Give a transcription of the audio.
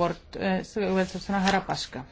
olukord, kõigepealt eh, saab sõna härra Paška